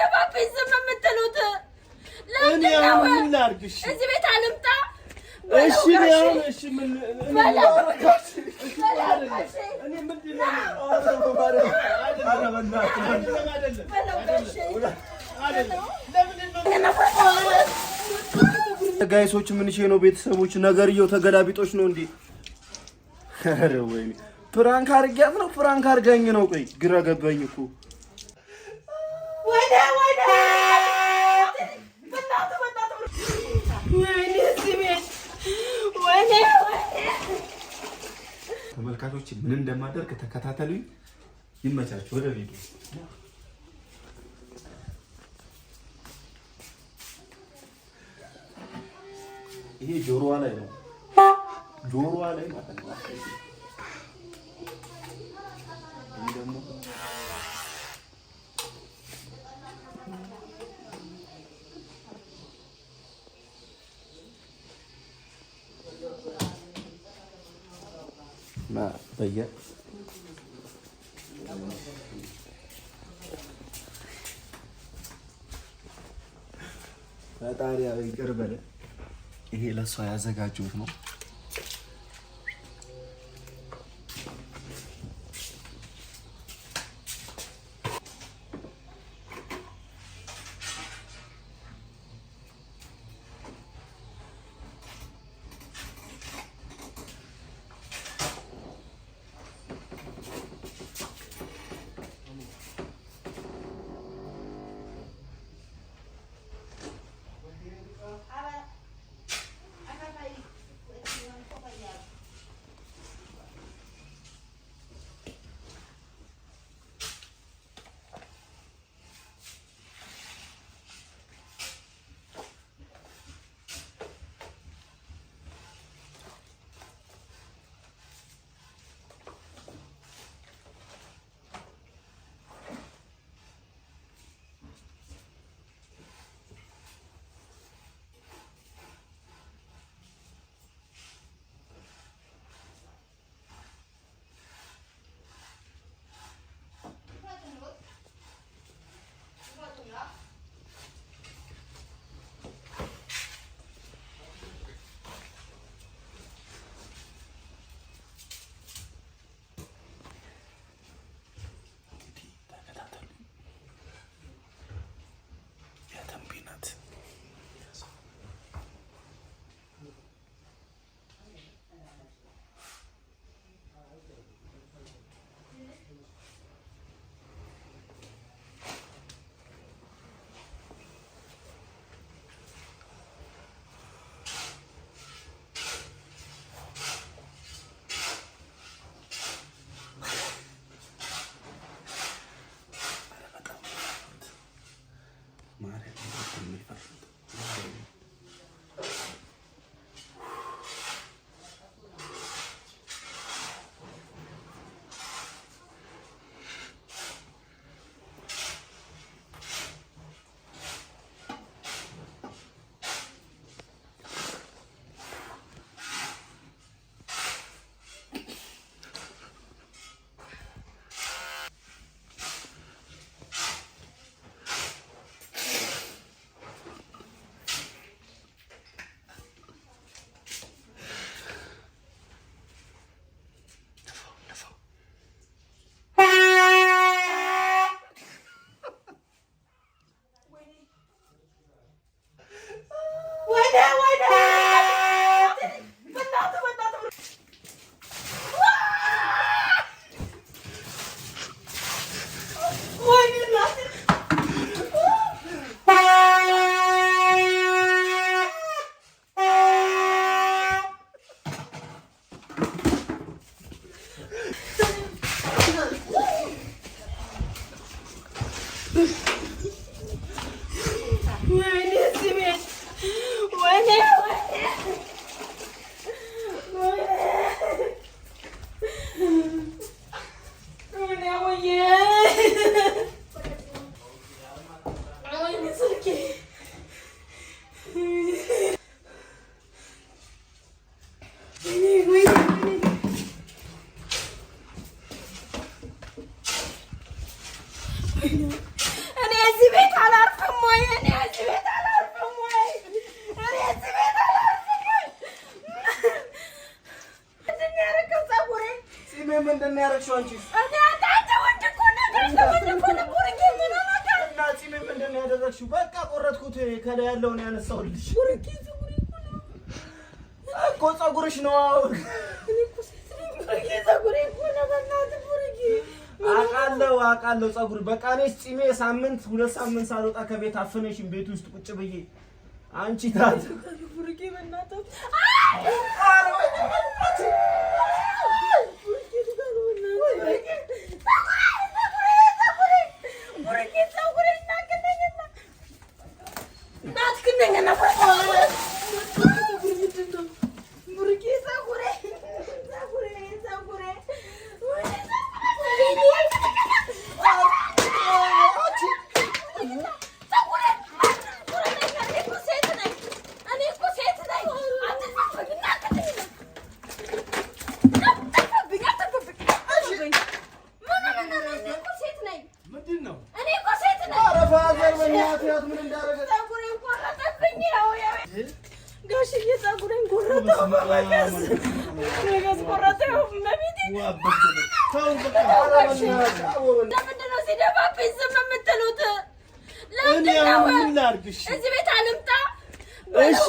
ለባብኝ ዝም የምትሉት እዚህ ቤት አልምጣ። እሺ ጋይሶች ምን ሼ ነው ቤተሰቦች፣ ነገርየው ተገላቢጦች ነው እንዴ? ኧረ ወይኔ ፕራንክ አድርጊያት ነው ፕራንክ አድርጋኝ ነው። ቆይ ግራ ገባኝ እኮ ነገሮችን ምን እንደማደርግ ተከታተሉኝ። ይመቻችሁ። ወደ ቪዲዮ ይሄ ጆሮዋ ላይ ነው። ጆሮዋ ላይ ማለት ነው። በየ ፈጣሪ ይቅር በለ። ይሄ ለእሷ ያዘጋጀሁት ነው። ምንድን ነው ያደረግሽው አንቺ? እና ፂሜን ምንድን ነው ያደረግሽው? በቃ ቆረጥኩት፣ ከላይ ያለውን ያነሳሁልሽ እኮ ፀጉርሽ ነው። አውቃለሁ አውቃለሁ፣ ፀጉር በቃ እኔስ ፂሜ ሳምንት ሁለት ሳምንት ሳልወጣ ከቤት አፍነሽም ቤት ውስጥ ቁጭ ብዬ አንቺ ታት ለምንድነው ሲደፋብኝ ዝም የምትሉት? እዚህ ቤት አልምጣ እሺ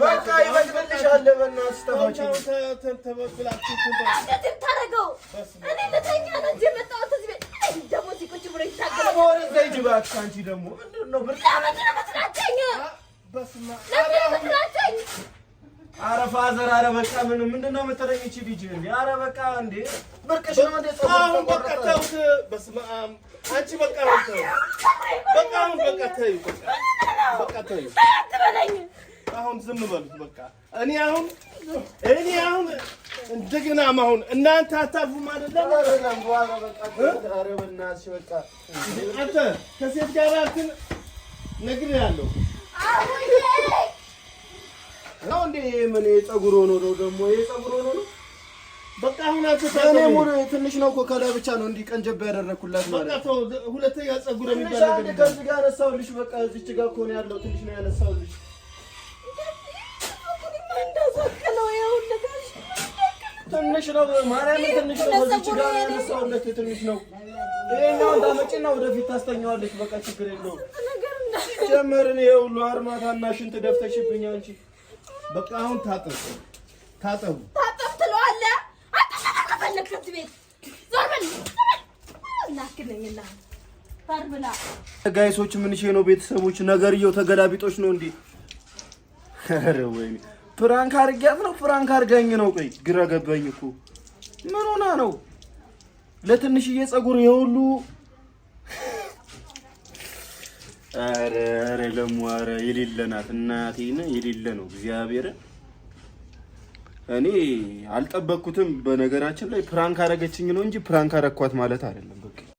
በቃ ፋዘር፣ ኧረ በቃ ምንም ምንድን ነው የምትለኝ? ይቺ ልጅ እንደ ኧረ በቃ እንደ ብርቅሽ ነው እንደ አሁን በቃ ተውት። በስመ አብ አንቺ በቃ በቃ አሁን በቃ ተይው በቃ ተይው አሁን ዝም በሉት በቃ። እኔ አሁን እኔ አሁን እንደገና አሁን እናንተ አታልፉም አይደለም? አንተ ከሴት ጋር እንትን ነግሬሃለሁ። አሁን እንደ ምን የፀጉር ሆኖ ነው ደግሞ የፀጉር ሆኖ ነው። በቃ አሁን አንተ ታኔ ሙሉ ትንሽ ነው እኮ ከላይ ብቻ ነው እንዲህ ቀንጀብ ያደረኩላት ማለት ነው። ሁለተኛ ፀጉር የሚባል ነገር ከዚህ ጋር ያነሳሁልሽ። በቃ እዚች ጋር እኮ ነው ያለው። ትንሽ ነው ያነሳሁልሽ ትንሽ ነው። ማርያምን ትንሽ ነው። በዚህ ጋር ያነሳሁለት ትንሽ ነው። ይሄኛውን ታመጪና ወደፊት ታስተኛዋለች። በቃ ችግር የለውም። ጀመርን። ይሄ ሁሉ አርማታና ሽንት ደፍተሽብኝ አንቺ። በቃ አሁን ታጠብ ታጠብ ታጠብ ትለዋለህ። ጋይሶች ምን ነው ቤተሰቦች፣ ነገርየው ተገላቢጦች ነው እንዴ? ኧረ ወይኔ ፕራንክ አርጊያት ነው ፕራንክ አርጋኝ ነው። ቆይ ግራ ገባኝ እኮ ምን ሆና ነው? ለትንሽዬ ፀጉር የሁሉ አረ አረ ለሟረ የሌለ ናት እናቴን የሌለ ነው እግዚአብሔር። እኔ አልጠበቅኩትም። በነገራችን ላይ ፕራንክ አረገችኝ ነው እንጂ ፕራንክ አረኳት ማለት አይደለም።